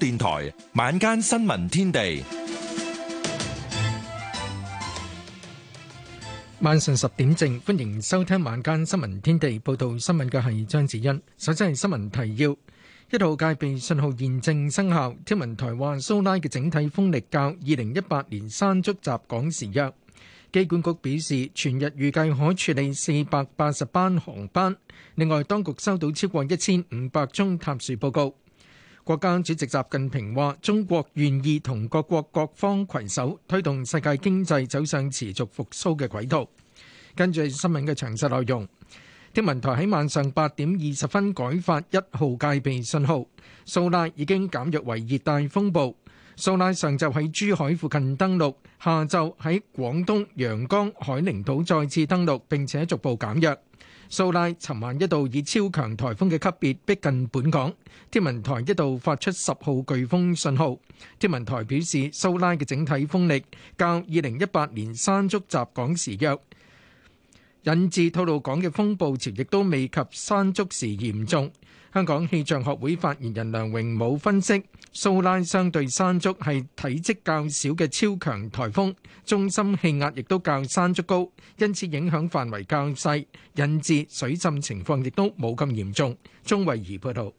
電台晚間新聞天地，晚上十點正，歡迎收聽晚間新聞天地。報道新聞嘅係張子欣。首先係新聞提要：一號戒備信號現正生效。天文台話蘇拉嘅整體風力較二零一八年山竹襲港時弱。機管局表示，全日預計可處理四百八十班航班。另外，當局收到超過一千五百宗塌樹報告。國家主席習近平話：中國願意同各國各方攜手推動世界經濟走上持續復蘇嘅軌道。跟住係新聞嘅詳細內容。天文台喺晚上八點二十分改發一號戒備信號，蘇拉已經減弱為熱帶風暴。蘇拉上晝喺珠海附近登陸，下晝喺廣東陽江海陵島再次登陸，並且逐步減弱。蘇拉尋晚一度以超強台風嘅級別逼近本港，天文台一度發出十號颶風信號。天文台表示，蘇拉嘅整體風力較二零一八年山竹襲港時弱，引致吐露港嘅風暴潮亦都未及山竹時嚴重。香港氣象學會發言人梁榮武分析，蘇拉相對山竹係體積較小嘅超強颱風，中心氣壓亦都較山竹高，因此影響範圍較細，引致水浸情況亦都冇咁嚴重。鍾惠儀報道。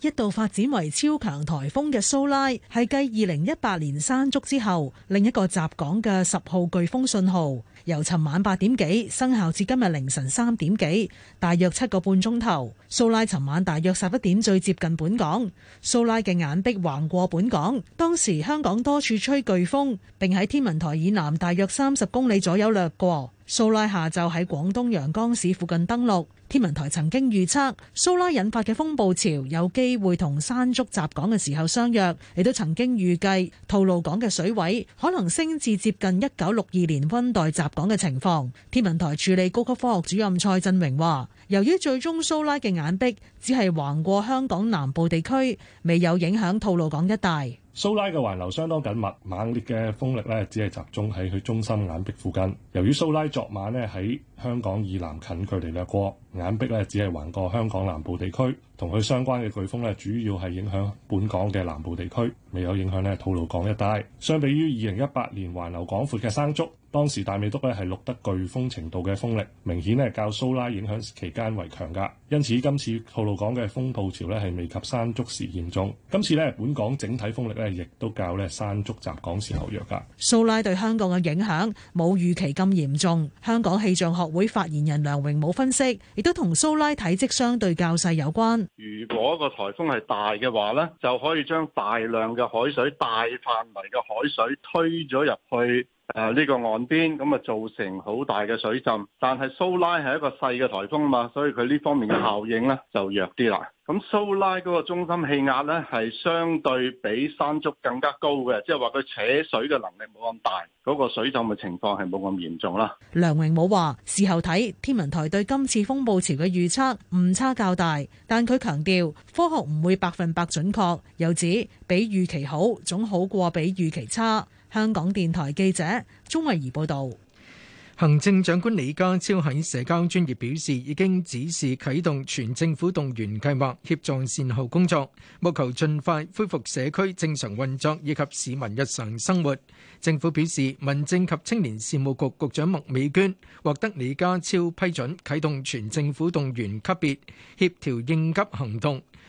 一度發展為超強颱風嘅蘇拉，係繼二零一八年山竹之後另一個襲港嘅十號颶風信號。由尋晚八點幾生效，至今日凌晨三點幾，大約七個半鐘頭。蘇拉尋晚大約十一點最接近本港，蘇拉嘅眼壁橫過本港。當時香港多處吹颶風，並喺天文台以南大約三十公里左右掠過。蘇拉下晝喺廣東陽江市附近登陸。天文台曾經預測蘇拉引發嘅風暴潮有機會同山竹襲港嘅時候相約，亦都曾經預計吐露港嘅水位可能升至接近一九六二年溫黛襲港嘅情況。天文台助理高級科學主任蔡振榮話：由於最終蘇拉嘅眼壁只係橫過香港南部地區，未有影響吐露港一帶。蘇拉嘅環流相當緊密，猛烈嘅風力咧只係集中喺佢中心眼壁附近。由於蘇拉昨晚咧喺香港以南近距離掠過，眼壁咧只係橫過香港南部地區。同佢相關嘅颶風呢，主要係影響本港嘅南部地區，未有影響吐露港一帶。相比於2018年環流廣闊嘅山竹，當時大美督呢係錄得颶風程度嘅風力，明顯呢較蘇拉影響期間為強噶。因此今次吐露港嘅風暴潮呢係未及山竹時嚴重。今次呢本港整體風力呢亦都較呢山竹襲港時候弱噶。蘇拉對香港嘅影響冇預期咁嚴重，香港氣象學會發言人梁榮武分析，亦都同蘇拉體積相對較細有關。如果個颱風係大嘅話，咧，就可以將大量嘅海水、大範圍嘅海水推咗入去。誒，呢個岸邊咁啊，造成好大嘅水浸。但係蘇拉係一個細嘅台風啊嘛，所以佢呢方面嘅效應呢就弱啲啦。咁蘇拉嗰個中心氣壓呢係相對比山竹更加高嘅，即係話佢扯水嘅能力冇咁大，嗰個水浸嘅情況係冇咁嚴重啦。梁榮武話，事後睇天文台對今次風暴潮嘅預測誤差較大，但佢強調科學唔會百分百準確，又指比預期好，總好過比預期差。香港電台記者鍾慧怡報道，行政長官李家超喺社交專業表示，已經指示啟動全政府動員計劃，協助善後工作，務求盡快恢復社區正常運作以及市民日常生活。政府表示，民政及青年事務局局局長麥美娟獲得李家超批准，啟動全政府動員級別，協調應急行動。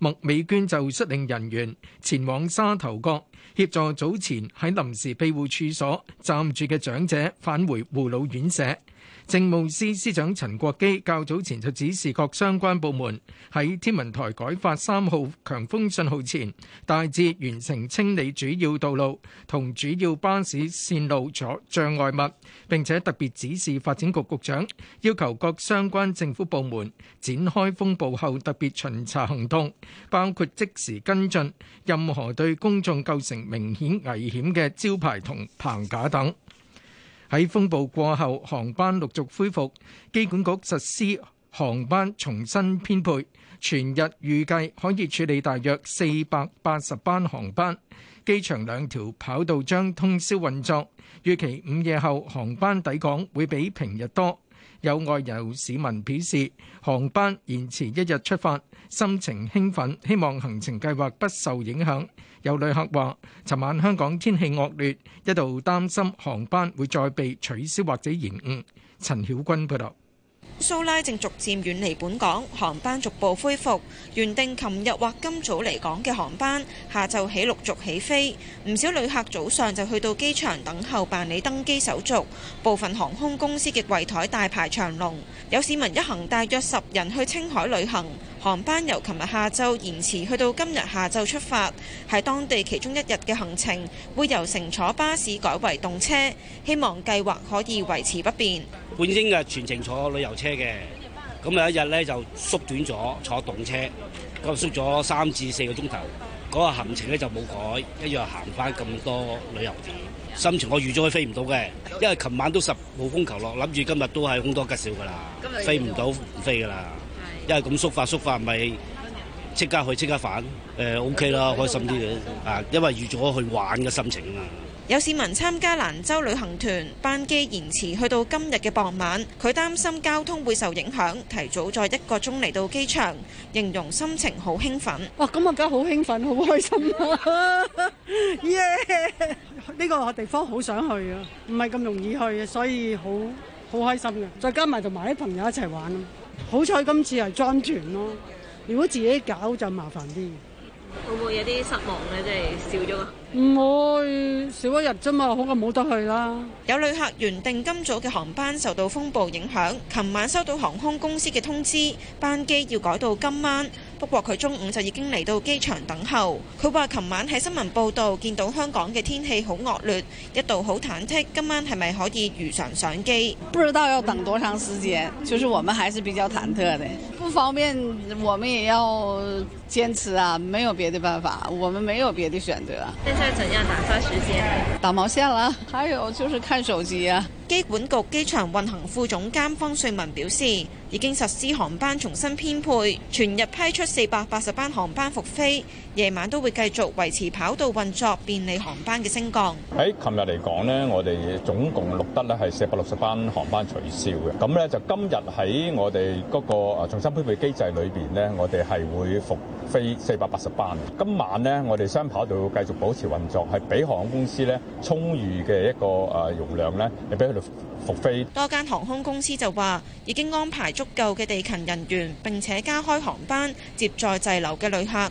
麥美娟就率領人員前往沙頭角協助早前喺臨時庇護處所暫住嘅長者返回護老院舍。政務司司長陳國基較早前就指示各相關部門喺天文台改發三號強風信號前，大致完成清理主要道路同主要巴士線路阻障礙物，並且特別指示發展局局長，要求各相關政府部門展開風暴後特別巡查行動，包括即時跟進任何對公眾構成明顯危險嘅招牌同棚架等。喺風暴過後，航班陸續恢復，機管局實施航班重新編配，全日預計可以處理大約四百八十班航班。機場兩條跑道將通宵運作，預期午夜後航班抵港會比平日多。有外遊市民表示，航班延遲一日出發，心情興奮，希望行程計劃不受影響。有旅客話，尋晚香港天氣惡劣，一度擔心航班會再被取消或者延誤。陳曉君報道。蘇拉正逐漸遠離本港，航班逐步恢復。原定琴日或今早離港嘅航班，下晝起陸續起飛。唔少旅客早上就去到機場等候辦理登機手續，部分航空公司嘅櫃台大排長龍。有市民一行大約十人去青海旅行。航班由琴日下晝延遲去到今日下晝出發，喺當地其中一日嘅行程會由乘坐巴士改為動車，希望計劃可以維持不變。本應嘅全程坐旅遊車嘅，咁有一日咧就縮短咗坐動車，咁縮咗三至四個鐘頭，嗰個行程咧就冇改，一樣行翻咁多旅遊點。心情我預咗佢飛唔到嘅，因為琴晚都十號風球落，諗住今日都係凶多吉少噶啦，飛唔到唔飛噶啦。因為咁縮法縮法，咪即刻去即刻返？誒 O K 啦，開心啲嘅啊，因為預咗去玩嘅心情啊嘛。有市民參加蘭州旅行團，班機延遲去到今日嘅傍晚，佢擔心交通會受影響，提早再一個鐘嚟到機場，形容心情好興奮。哇！咁啊，梗係好興奮，好開心啊！Yeah！呢個地方好想去啊，唔係咁容易去啊，所以好好開心嘅。再加埋同埋啲朋友一齊玩。好彩今次係裝船咯，如果自己搞就麻煩啲。會唔會有啲失望咧？即係笑咗。唔會少一日啫嘛，好過冇得去啦。有旅客原定今早嘅航班受到風暴影響，琴晚收到航空公司嘅通知，班機要改到今晚。不過佢中午就已經嚟到機場等候。佢話琴晚喺新聞報道見到香港嘅天氣好惡劣，一度好忐忑。今晚係咪可以如常上機？不知道要等多長時間，就是我們還是比較忐忑的。不方便，我們也要堅持啊，沒有別的辦法，我們沒有別的選擇。再怎樣打發時間？打毛線啦！還、哎、有就是看手機啊。機管局機場運行副總監方瑞文表示，已經實施航班重新編配，全日批出四百八十班航班復飛。夜晚都會繼續維持跑道運作，便利航班嘅升降。喺琴日嚟講呢，我哋總共錄得咧係四百六十班航班取消嘅。咁咧就今日喺我哋嗰個重新分配機制裏邊呢，我哋係會復飛四百八十班。今晚呢，我哋雙跑道繼續保持運作，係俾航空公司呢充裕嘅一個誒容量呢，嚟俾佢哋復飛。多間航空公司就話已經安排足夠嘅地勤人員，並且加開航班接載滯留嘅旅客。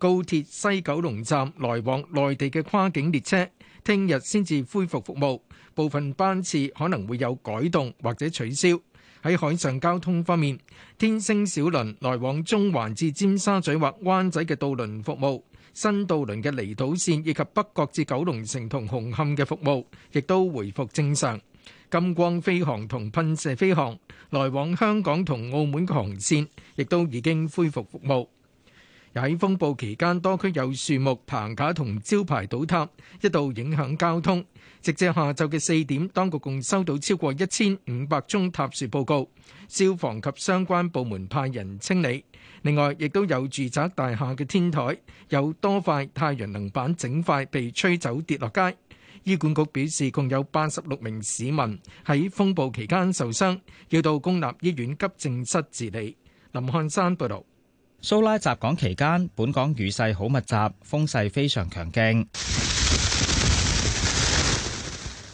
高鐵西九龍站來往內地嘅跨境列車，聽日先至恢復服務，部分班次可能會有改動或者取消。喺海上交通方面，天星小輪來往中環至尖沙咀或灣仔嘅渡輪服務，新渡輪嘅離島線以及北角至九龍城同紅磡嘅服務，亦都回復正常。金光飛航同噴射飛航來往香港同澳門嘅航線，亦都已經恢復服務。喺風暴期間，多區有樹木、棚架同招牌倒塌，一度影響交通。直至下晝嘅四點，當局共收到超過一千五百宗塌樹報告，消防及相關部門派人清理。另外，亦都有住宅大廈嘅天台有多塊太陽能板整塊被吹走跌落街。醫管局表示，共有八十六名市民喺風暴期間受傷，要到公立醫院急症室治理。林漢山報導。蘇拉襲港期間，本港雨勢好密集，風勢非常強勁。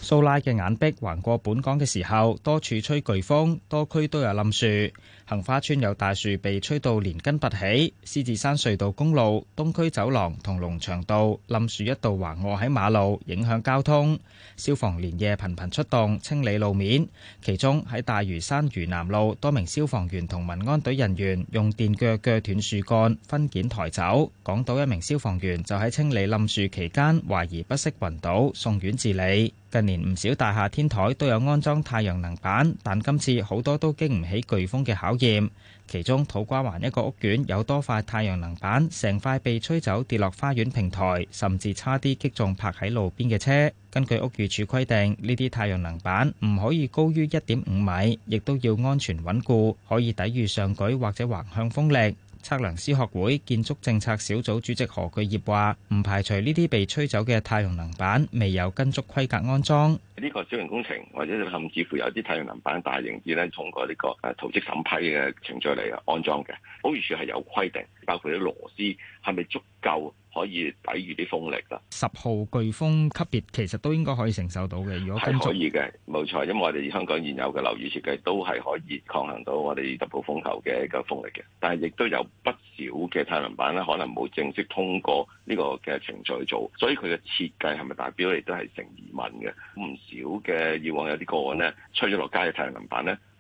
蘇拉嘅眼壁橫過本港嘅時候，多處吹颶風，多區都有冧樹。杏花村有大樹被吹到連根拔起，獅子山隧道公路、東區走廊同龍翔道冧樹一度橫臥喺馬路，影響交通。消防連夜頻頻出動清理路面，其中喺大嶼山嶼南路，多名消防員同民安隊人員用電鋸鋸斷樹幹，分件抬走。港島一名消防員就喺清理冧樹期間，懷疑不適暈倒，送院治理。近年唔少大廈天台都有安裝太陽能板，但今次好多都經唔起颶風嘅考。其中土瓜灣一個屋苑有多塊太陽能板，成塊被吹走跌落花園平台，甚至差啲擊中泊喺路邊嘅車。根據屋宇署規定，呢啲太陽能板唔可以高於一點五米，亦都要安全穩固，可以抵禦上舉或者橫向風力。測量師學會建築政策小組主席何巨業話：唔排除呢啲被吹走嘅太陽能板未有跟足規格安裝。呢個小型工程或者甚至乎有啲太陽能板大型啲咧，通過呢個誒圖則審批嘅程序嚟安裝嘅，保育處係有規定，包括啲螺絲係咪足。夠可以抵御啲風力啦。十號颶風級別其實都應該可以承受到嘅，如果係可以嘅，冇錯。因為我哋香港現有嘅樓宇設計都係可以抗衡到我哋十號風球嘅一個風力嘅。但係亦都有不少嘅太陽能板咧，可能冇正式通過呢個嘅程序去做，所以佢嘅設計係咪達標亦都係成疑問嘅。唔少嘅以往有啲個案咧，吹咗落街嘅太陽能板咧。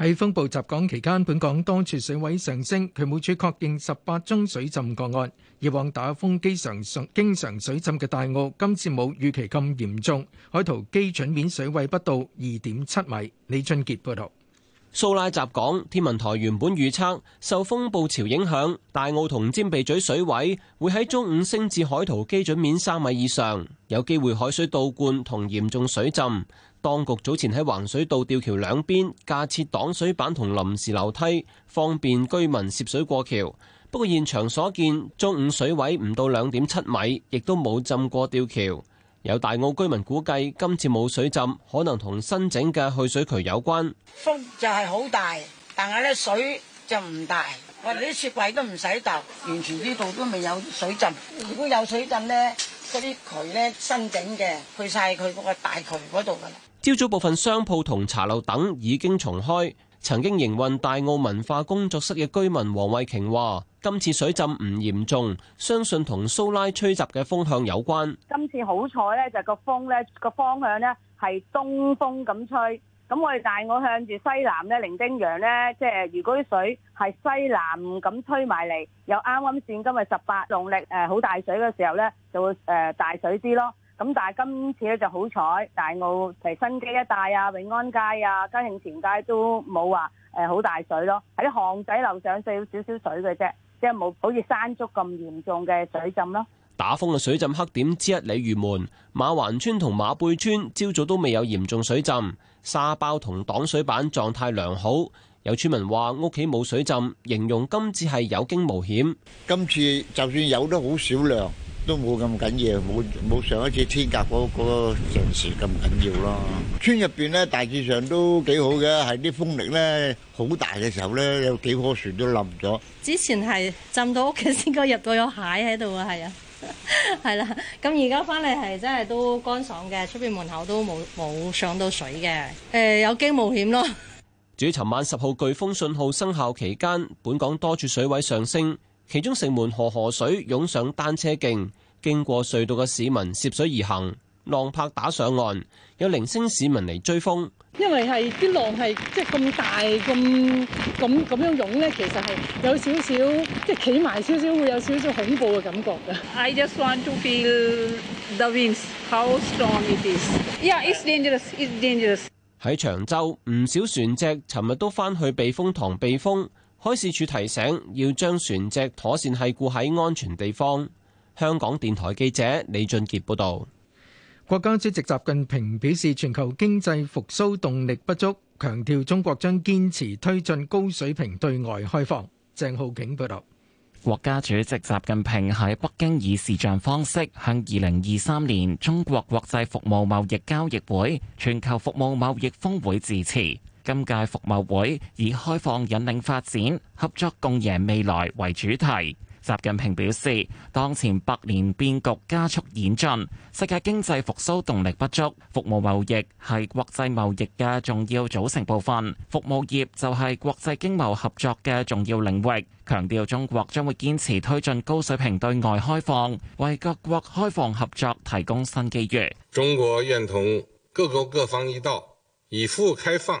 喺風暴襲港期間，本港多處水位上升，渠務署確認十八宗水浸個案。以往打風經常常經常水浸嘅大澳，今次冇預期咁嚴重。海圖基準面水位不到二點七米。李俊杰報道。蘇拉襲港，天文台原本預測受風暴潮影響，大澳同尖鼻咀水位會喺中午升至海圖基準面三米以上，有機會海水倒灌同嚴重水浸。當局早前喺橫水道吊橋兩邊架設擋水板同臨時樓梯，方便居民涉水過橋。不過現場所見，中午水位唔到兩點七米，亦都冇浸過吊橋。有大澳居民估計，今次冇水浸，可能同新整嘅去水渠有關。風就係好大，但係咧水就唔大。我哋啲雪櫃都唔使搭，完全呢度都未有水浸。如果有水浸咧，嗰啲渠咧新整嘅，去曬佢嗰個大渠嗰度㗎啦。朝早部分商鋪同茶樓等已經重開。曾經營運大澳文化工作室嘅居民黃慧瓊話，今次水浸唔嚴重，相信同蘇拉吹襲嘅風向有關。今次好彩咧，就個風咧個方向咧係東風咁吹，咁我哋大澳向住西南咧伶仃洋咧，即係如果啲水係西南咁吹埋嚟，又啱啱線今日十八農曆誒好大水嘅時候咧，就會誒大水啲咯。咁但係今次咧就好彩，大澳誒新基一帶啊、永安街啊、嘉慶前街都冇話誒好大水咯，喺巷仔樓上少少少水嘅啫，即係冇好似山竹咁嚴重嘅水浸咯。打風嘅水浸黑點之一，鯉魚門、馬環村同馬背村朝早都未有嚴重水浸，沙包同擋水板狀態良好。有村民話屋企冇水浸，形容今次係有驚無險。今次就算有都好少量。都冇咁緊要，冇冇上一次天鴿嗰嗰陣時咁緊要咯。村入邊呢大致上都幾好嘅，係啲風力呢好大嘅時候呢，有幾棵樹都冧咗。之前係浸到屋企先，個入到有蟹喺度啊，係啊，係啦。咁而家翻嚟係真係都乾爽嘅，出邊門口都冇冇上到水嘅。誒有驚無險咯。至於尋晚十號颶風信號生效期間，本港多處水位上升。其中，城門河河水湧上單車徑，經過隧道嘅市民涉水而行，浪拍打上岸，有零星市民嚟追風。因為係啲浪係即係咁大咁咁咁樣湧咧，其實係有少少即係企埋少少會有少少恐怖嘅感覺嘅。I just want to feel the wind how strong it is. Yeah, it's dangerous. It's dangerous. 喺長洲，唔少船隻尋日都翻去避風塘避風。海事署提醒，要將船隻妥善係固喺安全地方。香港電台記者李俊傑報道。國家主席習近平表示，全球經濟復甦動力不足，強調中國將堅持推進高水平對外開放。鄭浩景報道。國家主席習近平喺北京以視像方式向二零二三年中國國際服務貿易交易會全球服務貿易峰會致辭。今屆服貿會以開放引領發展、合作共贏未來為主題。習近平表示，當前百年變局加速演進，世界經濟復甦動力不足，服務貿易係國際貿易嘅重要組成部分，服務業就係國際經貿合作嘅重要領域。強調中國將會堅持推進高水平對外開放，為各國開放合作提供新機遇。中國願同各國各方一道，以服開放。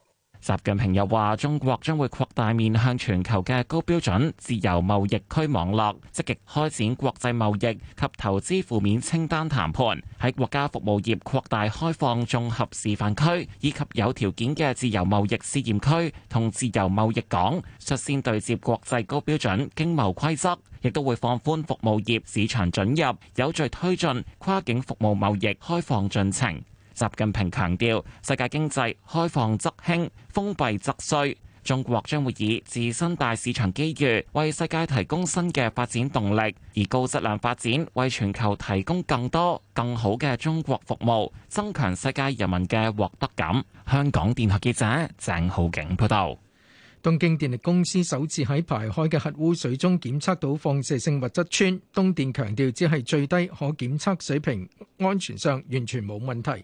習近平又話中國將會擴大面向全球嘅高標準自由貿易區網絡，積極開展國際貿易及投資負面清單談判，喺國家服務業擴大開放綜合示範區以及有條件嘅自由貿易試驗區同自由貿易港，率先對接國際高標準經貿規則，亦都會放寬服務業市場准入，有序推進跨境服務貿易開放進程。習近平強調，世界經濟開放則興，封閉則衰。中國將會以自身大市場機遇為世界提供新嘅發展動力，而高質量發展為全球提供更多更好嘅中國服務，增強世界人民嘅獲得感。香港電台記者鄭浩景報道。東京電力公司首次喺排海嘅核污水中檢測到放射性物質氚。東電強調，只係最低可檢測水平，安全上完全冇問題。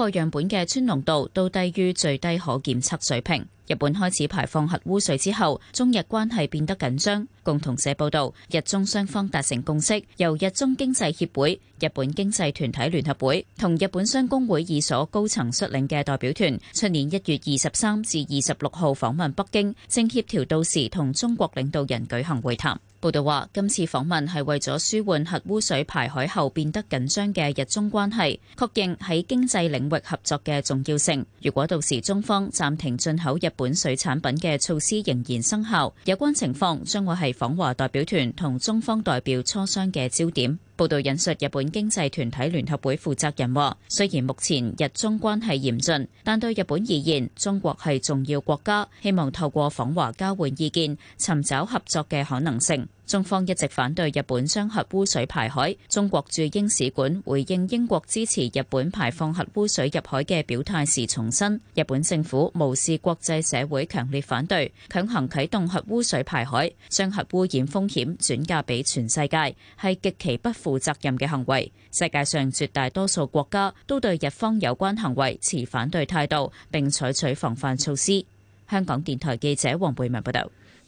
個樣本嘅氚濃度都低於最低可檢測水平。日本開始排放核污水之後，中日關係變得緊張。共同社報道，日中雙方達成共識，由日中經濟協會、日本經濟團體聯合會同日本商工會議所高層率領嘅代表團，出年一月二十三至二十六號訪問北京，正協調到時同中國領導人舉行會談。報道話，今次訪問係為咗舒緩核污水排海後變得緊張嘅日中關係，確認喺經濟領域合作嘅重要性。如果到時中方暫停進口日本水產品嘅措施仍然生效，有關情況將會係訪華代表團同中方代表磋商嘅焦點。報導引述日本經濟團體聯合會負責人話：雖然目前日中關係嚴峻，但對日本而言，中國係重要國家，希望透過訪華交換意見，尋找合作嘅可能性。中方一直反對日本將核污水排海。中國駐英使館回應英國支持日本排放核污水入海嘅表態時重申：日本政府無視國際社會強烈反對，強行啟動核污水排海，將核污染風險轉嫁俾全世界，係極其不負責任嘅行為，世界上絕大多數國家都對日方有關行為持反對態度，並採取防範措施。香港電台記者黃貝文報道。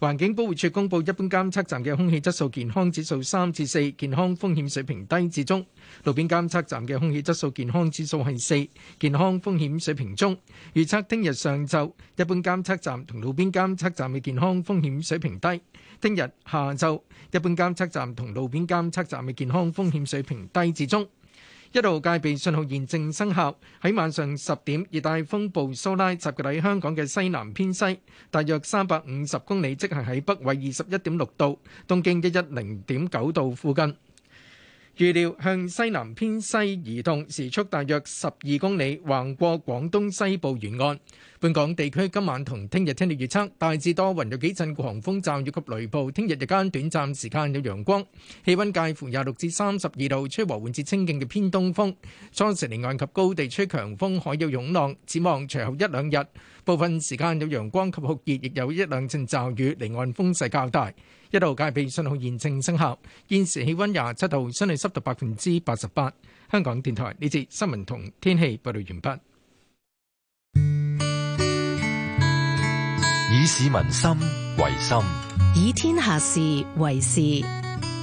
環境保護署公布，一般監測站嘅空氣質素健康指數三至四，健康風險水平低至中；路邊監測站嘅空氣質素健康指數係四，健康風險水平中。預測聽日上晝，一般監測站同路邊監測站嘅健康風險水平低；聽日下晝，一般監測站同路邊監測站嘅健康風險水平低至中。一號戒備信號現正生效，喺晚上十點，熱帶風暴蘇拉集結喺香港嘅西南偏西，大約三百五十公里，即係喺北緯二十一點六度、東經一一零點九度附近。預料向西南偏西移動，時速大約十二公里，橫過廣東西部沿岸。本港地區今晚同聽日天氣預測大致多雲，有幾陣狂風、驟雨及雷暴。聽日日間短暫時間有陽光，氣温介乎廿六至三十二度，吹和緩至清勁嘅偏東風。初時離岸及高地吹強風，海有湧浪。展望隨後一兩日，部分時間有陽光及酷熱，亦有一兩陣驟雨，離岸風勢較大。一度戒備信號現正生效，現時氣溫廿七度，相對濕度百分之八十八。香港電台呢節新聞同天氣報道完畢。以市民心為心，以天下事為事。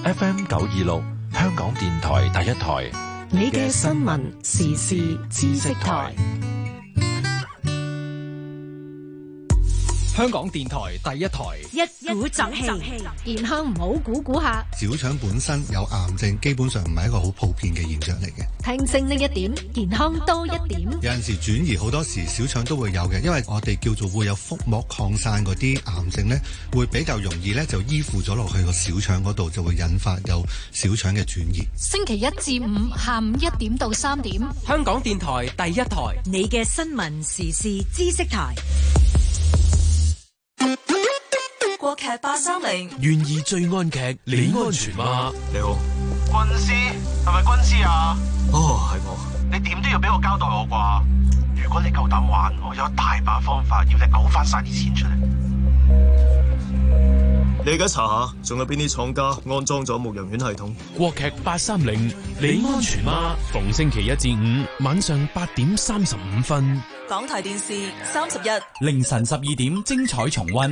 FM 九二六，香港電台第一台，你嘅新聞時事知識台。香港電台第一台，一鼓集氣，健康唔好估估下。小腸本身有癌症，基本上唔係一個好普遍嘅現象嚟嘅。聽聲呢一,一,一點，健康多一點。有陣時轉移好多時，小腸都會有嘅，因為我哋叫做會有腹膜擴散嗰啲癌症咧，會比較容易咧就依附咗落去個小腸嗰度，就會引發有小腸嘅轉移。星期一至五下午一點到三點，香港電台第一台，你嘅新聞時事知識台。劇八三零，懸疑罪案劇，你安全嗎？你好，軍師係咪軍師啊？哦，係我。你點都要俾我交代我啩？如果你夠膽玩，我有大把方法要你嘔翻晒啲錢出嚟。你而家查下，仲有邊啲廠家安裝咗牧羊犬系統？國劇八三零，你安全嗎？逢星期一至五晚上八點三十五分，港台電視三十一凌晨十二點精彩重温。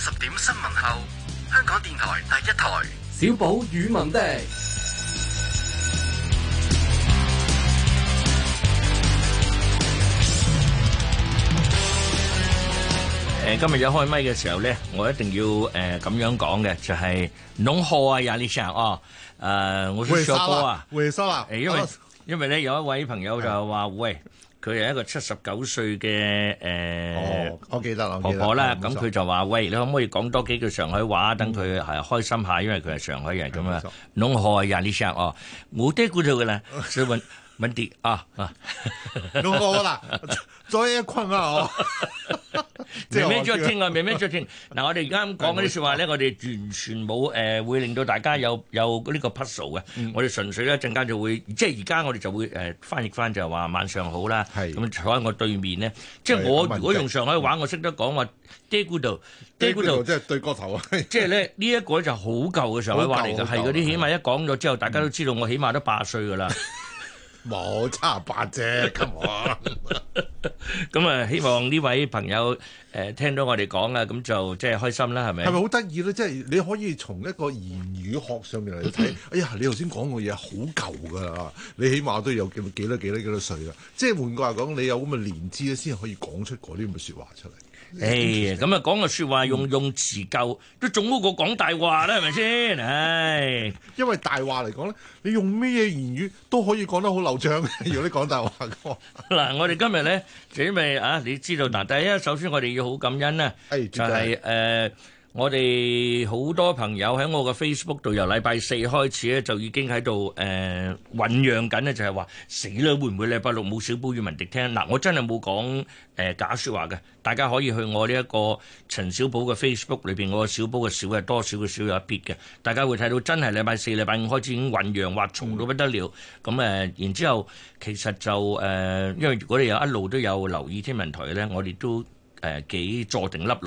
十點新聞後，香港電台第一台小寶語文的。誒，今日有開咪嘅時候咧，我一定要誒咁樣講嘅，就係儂賀啊，阿李生啊誒，我收啊，維收啊，因為因為咧有一位朋友就話喂！嗯」 佢係一個七十九歲嘅誒、呃哦、婆婆，我記得婆啦，咁佢就話：喂，你可唔可以講多幾句上海話？等佢係開心下，因為佢係上海人咁、嗯嗯嗯、 啊。弄開呀呢聲哦，冇爹估到㗎，所以揾揾啲啊，好好啦，再一困㗎哦。明咩在聽啊，明咩在聽、啊。嗱、 啊，我哋而家講嗰啲説話咧，我哋完全冇誒、呃，會令到大家有有呢個 puzzle 嘅、嗯。我哋純粹咧，陣間就會，即係而家我哋就會誒翻譯翻，就係話晚上好啦。咁坐喺我對面咧、嗯，即係我，我如果用上海話、嗯，我識得講話。嗲咕度，嗲咕度，即係對個頭啊！ 即係咧，呢、這、一個咧就好舊嘅上海話嚟嘅，係嗰啲起碼一講咗之後、嗯，大家都知道我起碼都八歲噶啦。 冇差八啫咁啊！咁啊， 希望呢位朋友誒、呃、聽到我哋講啊，咁就即係開心啦，係咪？係咪好得意咧？即、就、係、是、你可以從一個言語學上面嚟睇。哎呀，你頭先講嘅嘢好舊㗎啦，你起碼都有幾多幾多幾多歲啦？即係換句話講，你有咁嘅年資咧，先可以講出嗰啲咁嘅説話出嚟、欸嗯。哎，咁啊講個説話用用詞舊都仲好過講大話啦，係咪先？唉，因為大話嚟講咧，你用咩言語都可以講得好流。張，如果你講大話㗎嗱， 我哋今日咧，準備、就係、啊，你知道嗱、啊，第一首先我哋要好感恩啊，就係、係、誒。係我哋好多朋友喺我嘅 Facebook 度，由禮拜四開始咧，就已經喺度誒醞釀緊咧，就係、是、話死啦！會唔會禮拜六冇小寶與文迪聽嗱、啊，我真係冇講誒假說話嘅，大家可以去我呢一個陳小寶嘅 Facebook 裏邊，我小小個小寶嘅少係多，少嘅少有一撇嘅。大家會睇到真係禮拜四、禮拜五開始已經醞釀或重到不得了。咁誒、呃、然之後其實就誒、呃、因為如果你有一路都有留意天文台咧，我哋都誒幾、呃、坐定粒六。